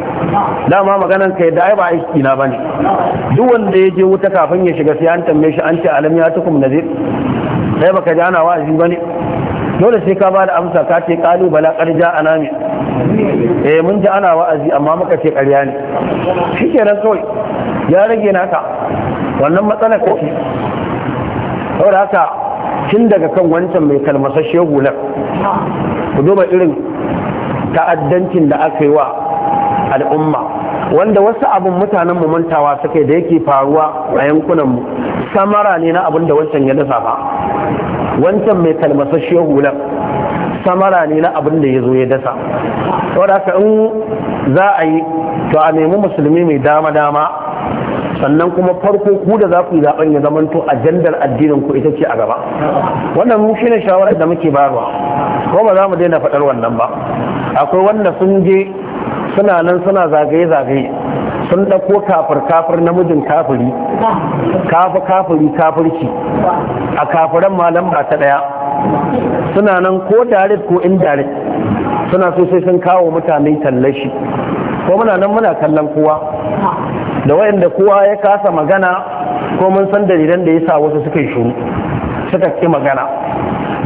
dama maganan ka yadda ai ba aiki na bane duk wanda ya je wuta kafin ya shiga sai an tambaye shi an ce alam ya tukum nazir sai baka ji ana wa'azi bane dole sai ka ba da amsa ka ce kalu bala karja ana mi eh mun ji ana wa'azi amma muka ce karya ne shikenan kawai ya rage naka wannan matsalar ka saboda haka tun daga kan wancan mai shehu hular ku duba irin ta'addancin da aka yi wa al'umma wanda wasu abin mutanen mu mantawa suke da yake faruwa a yankunan mu samara ne na abin da wancan ya dasa ba wancan mai talmasasshiyar hulan samara ne na abin da ya zo ya dasa wadaka in za a yi to a nemi musulmi mai dama-dama sannan kuma farko ku da za ku yi zaben ya zamanto ajandar addinin ku ita ce a gaba wannan mu shine shawarar da muke bayarwa ko ba za mu daina faɗar wannan ba akwai wanda sun je suna nan suna zagaye-zagaye sun ɗauko kafir kafir namijin kafiri kafi kafiri kafirci a kafiran malamata lamba ta ɗaya suna nan ko direct ko indirect suna so sai sun kawo mutane tallashi ko muna nan muna kallon kowa da wayanda kowa ya kasa magana ko mun san dalilan da ya sa wasu suka yi shuru suka ki magana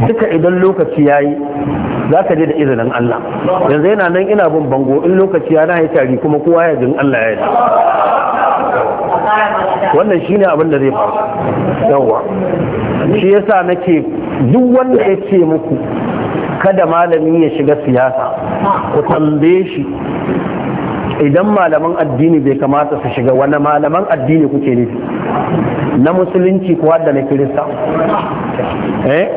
duka idan lokaci yayi za ka je da izinin Allah yanzu yana nan ina bin bango in lokaci ya na tari kuma kowa ya jin Allah ya yi wannan ne abin da zai faru yawa shi yasa nake duk wanda ya ce muku kada malami ya shiga siyasa ku tambaye shi idan malaman addini bai kamata su shiga wani malaman addini kuke nufi na musulunci kuwa da na kirista eh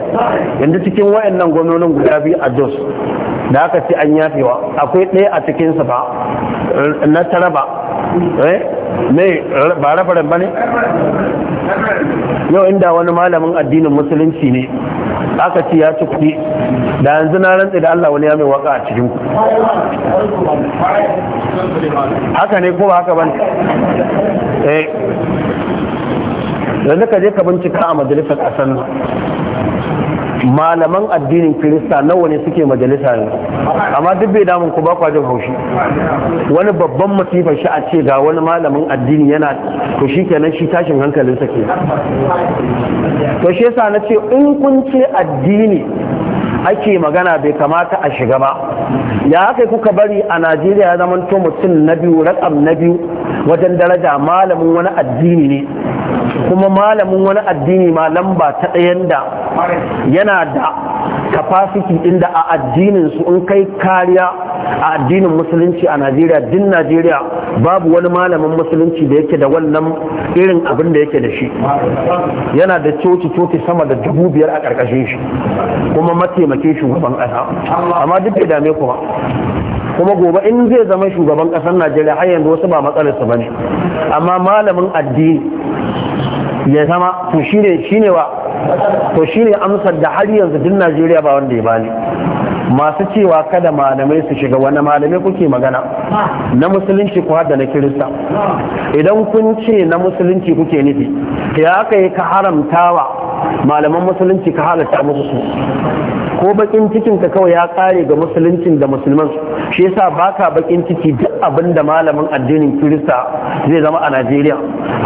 yanzu cikin wayannan gwamnonin guda biyu a jos da aka ci an yafewa akwai ɗaya a cikin su ba na taraba eh ne ba rafaran ba ne yau inda wani malamin addinin musulunci ne aka ce ya ci kuɗi da yanzu na rantse da Allah wani ya mai waka a cikin ku haka ne ko haka bane eh yanzu ka je ka bincika a majalisar ƙasar malaman addinin kirista nawa ne suke majalisa ne amma duk bai damun ku ba kwa jin haushi wani babban masifar shi a ce ga wani malamin addini yana to shi kenan shi tashin hankalin sa ke to shi yasa na ce in kun ce addini ake magana bai kamata a shiga ba ya haka kuka bari a najeriya ya zama mutum na biyu rakam na biyu wajen daraja malamin wani addini ne kuma malamin wani addini ma lamba ta ɗayan da yana da kafasiti inda a addinin su in kai kariya a addinin musulunci a najeriya din najeriya babu wani malamin musulunci da yake da wannan irin abin da yake da shi yana da coci-coci sama da dubu biyar a ƙarƙashin shi kuma mataimakin shugaban ƙasa amma duk da dame ku kuma gobe in zai zama shugaban kasar najeriya har yanzu wasu ba matsalarsa ba ne amma malamin addini ya zama to shine shine wa to shine amsar da har yanzu duk najeriya ba wanda ya bani masu cewa kada malamai su shiga wani malamai kuke magana na musulunci ku da na kirista idan kun ce na musulunci kuke nufi ya aka yi ka haramtawa malaman musulunci ka halatta musu su ko bakin cikin ka kawai ya kare ga musuluncin da musulman shi yasa baka bakin ciki duk abin da malamin addinin kirista zai zama a Najeriya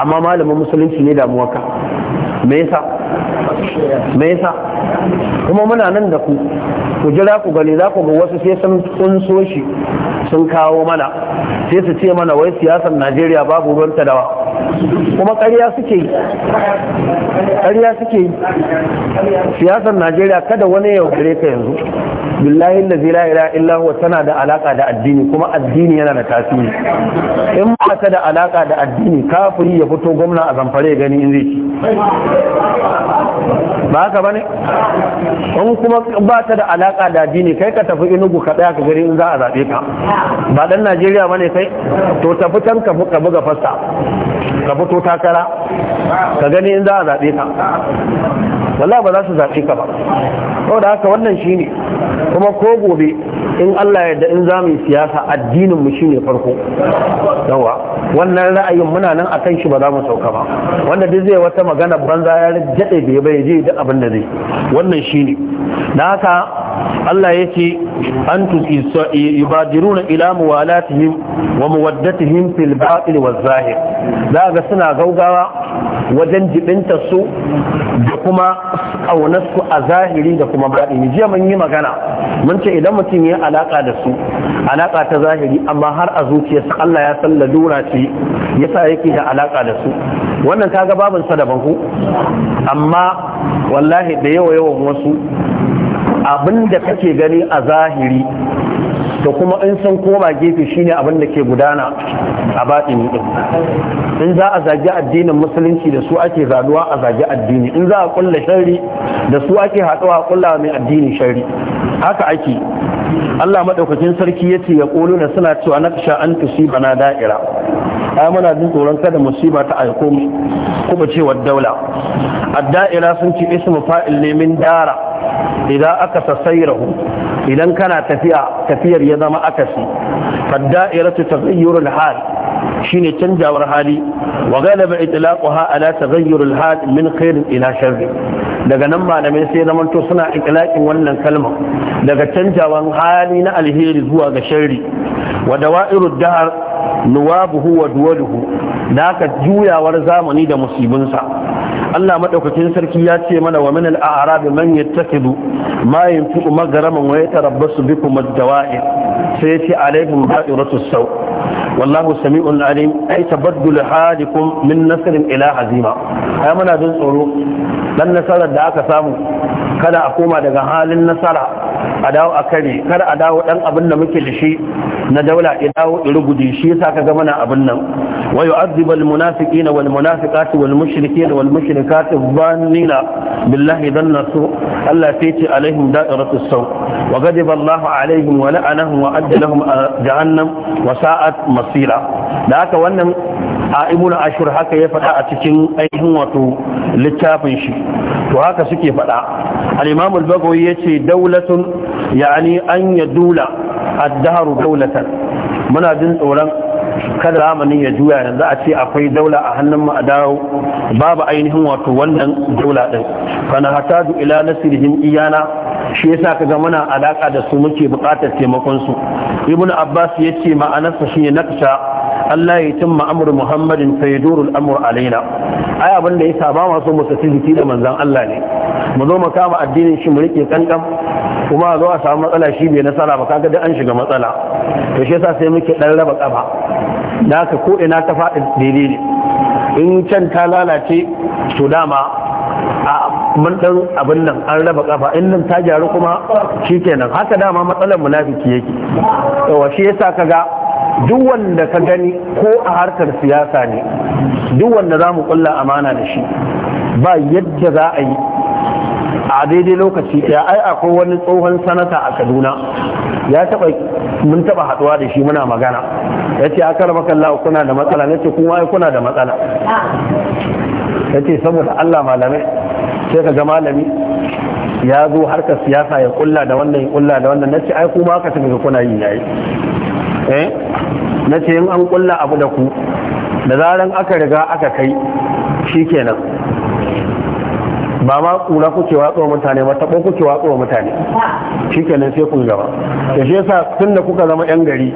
amma malamin musulunci ne ka. me yasa me yasa kuma muna nan da ku ku jira ku gani za ku ga wasu sai sun so shi sun kawo mana sai su ce mana wai siyasar Najeriya babu ruwan ta dawa kuma ƙarya suke yi ƙarya suke yi siyasar najeriya kada wani yau gare ka yanzu billahi da la ilaha illa huwa tana da alaka da addini kuma addini yana da tasiri in ba ta da alaka da addini kafiri ya fito gwamna a zamfare gani in zai ci ba haka bane in kuma ba ta da alaka da addini kai ka tafi inugu ka tsaya ka gari in za a zaɓe ka ba dan najeriya bane kai to tafi can ka buga fasta ka fito takara ka gani in za a zaɓe ka wallah ba za su zaɓe ka ba da haka wannan shine kuma ko gobe in Allah ya da in za mu yi siyasa addinin mu shine farko yawa wannan ra'ayin muna nan akan shi ba za mu sauka ba wanda duk zai wata magana banza ya jade bai bai je duk abin da zai wannan shine Na haka Allah yake an yubadiruna ila muwalatihim wa muwaddatihim fil batil wa zahir za ga suna gaugawa wajen jibinta su da kuma kaunar su a zahiri da kuma baɗini jiya mun yi magana mun ce idan mutum ya alaka da su alaka ta zahiri amma har a zuciyarsa Allah ya san lalura ce yasa yake da alaka da su wannan kaga babin sa daban ku amma wallahi da yawa yawan wasu abinda kake gani a zahiri da kuma in sun koma gefe shine abin da ke gudana a baɗin din in za a zagi addinin musulunci da su ake zaluwa a zagi addini in za a kulla shari da su ake haɗuwa a kulla mai addini shari haka ake Allah maɗaukakin sarki ya ce ya ƙolo na suna cewa na kasha an tusiba na da'ira ai muna jin tsoron kada musiba ta aiko mu. kuma cewa daula a da'ira sun ce ismu fa'il ne min dara idan aka tasayyarahu idan kana tafiya tafiyar ya zama akasi fadda'iratu taghayyurul hal shine canjawar hali wa galaba itlaquha ala taghayyurul hal min kairin ila sharri daga nan malamai sai zaman to suna itlaqin wannan kalma daga canjawan hali na alheri zuwa ga sharri wa dawa'irud dahr nuwabuhu wa duwaluhu da haka juyawar zamani da musibinsa Allah madaukakin sarki ya ce mana wa min al-a'rab man yattakidu ma yanfiqu magharaman wa yatarabbasu bikum ad-dawa'ir sai ya ce alaihim da'iratus saw wallahu sami'un alim ai tabaddul halikum min nasrin ila hazima ai muna jin tsoro dan nasarar da aka samu kada a koma daga halin nasara a dawo a kare kar a dawo dan abin da muke da shi na daula ya dawo irugudi shi yasa ka ga mana abin nan wa yu'adhibu al-munafiqina wal munafiqati wal mushrikeena wal mushrikati dhannina billahi dhanna su Allah sai ce alaihim da'iratus saw wa ghadiba Allah alaihim wa la'anahum wa adda lahum ah, jahannam wa sa'at tafsira da haka wannan a ibnu ashur haka ya faɗa a cikin ainihin wato littafin shi to haka suke faɗa al-imam al-bagawi yace daulatun yani an yadula ad-dahru dawlatan muna jin tsoron kada zamani ya juya yanzu a ce akwai daula a hannun mu a dawo babu ainihin wato wannan daula din fa na hatadu ila nasrihim iyana shi yasa ga muna alaka da su muke buƙatar taimakon su ibnu abbas yace ma'anarsa shine nakasha Allah ya timma amru muhammadin fa yaduru al-amru alaina ai abin da yasa ba masu mu jiki da manzon Allah ne mu zo mu kama addinin shi mu rike kankan kuma zo a samu matsala shi bai nasara ba kaga da an shiga matsala to shi yasa sai muke ɗan raba kafa da ka ko ina ta faɗi daidai ne in can ta lalace to dama mun ɗan abin nan an raba kafa in nan ta gyaru kuma shikenan haka dama matsalar munafiki yake yawa shi yasa kaga duk wanda ka gani ko a harkar siyasa ne duk wanda za mu kulla amana da shi ba yadda za a yi a daidai lokaci ya ai akwai wani tsohon sanata a kaduna ya taba mun taba haduwa da shi muna magana ya ce aka raba kuna da matsala na ce kuma kuna da matsala ya ce saboda allah malamai sai ka ga malami ya zo harkar siyasa ya kulla da wannan ya kulla da wannan nace ai kuma ka tun kuna yi yayi eh nace in an kulla abu da ku da zaran aka riga aka kai shikenan ba ma kura kuke watsa mutane ba tabo kuke watsa mutane shikenan sai kun gaba da shi yasa tun da kuka zama yan gari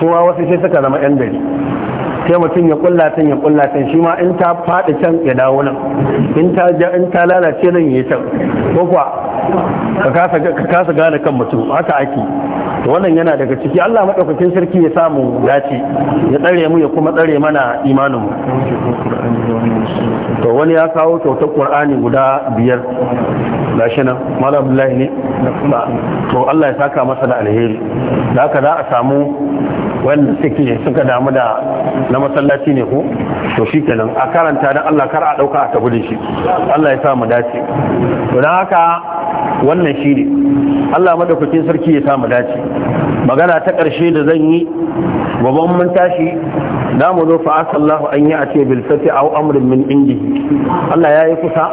su wasu sai suka zama yan gari sai mutum ya kulla tan ya kulla tan shi ma in ta faɗi can ya dawo nan in ta in ta lalace nan ya can ko kuwa ka kasa gane kan mutum haka ake wannan yana daga ciki Allah madaukakin sarki ya samu dace ya tsare mu ya kuma tsare mana imanin mu to wani ya kawo kyautar Qur'ani guda biyar gashi nan Malam Abdullahi ne to Allah ya saka masa da alheri da haka za a samu wanda suke suka damu da na masallaci ne ko to shi kenan a karanta dan Allah kar a dauka a tabbudin da shi Allah ya sa dace to dan haka wannan shi ne Allah madaukakin sarki ya sa dace magana ta ƙarshe da zan yi gaban mun tashi da mu zo fa'a sallahu an yi a ce bilfati a amurin min indi Allah ya yi kusa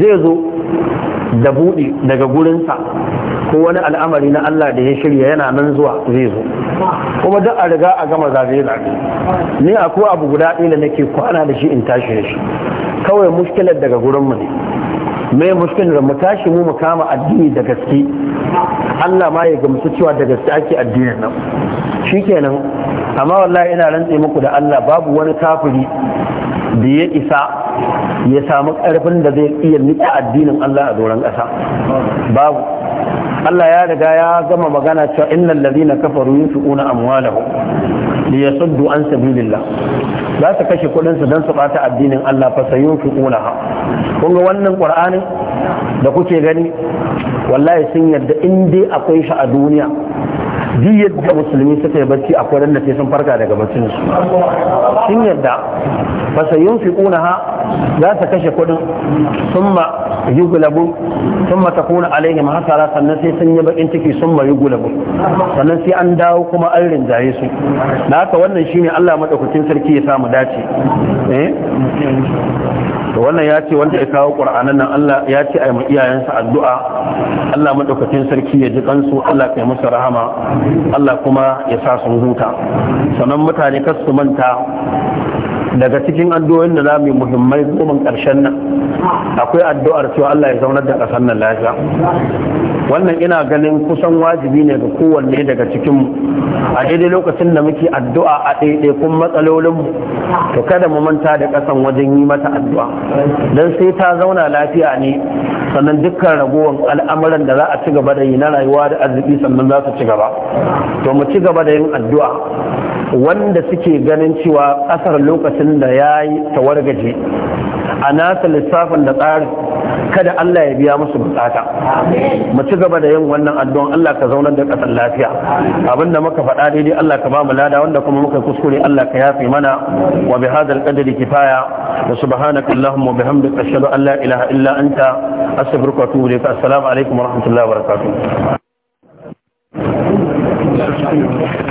zai zo da buɗe daga gurinsa ko wani al'amari na Allah da ya shirya yana nan zuwa zai zo kuma duk a riga a gama zagaye zaɓe ni akwai abu guda ɗaya da nake kwana da shi in tashi da shi kawai mushkilar daga gurinmu ne me da mu tashi mu mu kama addini da gaske Allah ma ya gamsu cewa da gaske ake addinin nan shikenan amma wallahi ina rantse muku da Allah babu wani kafiri da ya isa ya samu karfin da zai iya nika addinin Allah a doron ƙasa babu Allah ya riga ya gama magana cewa innal ladina kafaru yunfiquna amwalahum liyasuddu an sabilillah za su kashe kuɗinsu su dan su bata addinin Allah fa sayunfiquna kun ga wannan qur'ani da kuke gani wallahi sun yarda in dai akwai shi a duniya duk yadda musulmi suka yi bacci akwai kwanan da sai sun farka daga baccin su sun yadda ba sai yin kuna ha za ta kashe kudin sun yuglabu thumma takuna alaihim hasara sannan sai sun yi bakin ciki summa yuglabu sannan sai an dawo kuma an rinjaye su da haka wannan shine Allah maɗaukacin sarki ya samu dace eh? to wannan ya ce wanda ya kawo qur'anan nan Allah ya ce yi ma iyayensa addu'a Allah maɗaukacin sarki ya ji kansu Allah ya musu rahama Allah kuma ya sa sun huta sannan mutane kasu manta daga cikin addu'o'in da za mu yi muhimmai goma ƙarshen nan akwai addu'ar cewa Allah ya zaunar da ƙasar nan lafiya wannan ina ganin kusan wajibi ne ga kowanne daga cikin mu a daidai lokacin da muke addu'a a ɗaiɗaikun matsalolin mu to kada mu manta da ƙasan wajen yi mata addu'a dan sai ta zauna lafiya ne sannan dukkan ragowar al'amuran da za a ci gaba da yi na rayuwa da arziki sannan za su ci gaba to mu ci gaba da yin addu'a wanda suke ganin cewa ƙasar lokacin lokacin da ya yi tawargaje a nasa lissafin da tsari kada Allah ya biya musu bukata mu ci gaba da yin wannan addu'an Allah ka zaunar da ƙasar lafiya abinda muka faɗa daidai Allah ka ba mu lada wanda kuma muka kuskure Allah ka yafe mana wa bi hadal qadri kifaya wa subhanaka allahumma wa bihamdika ashhadu an la ilaha illa anta astaghfiruka wa atubu ilayk assalamu alaikum wa rahmatullahi wa barakatuh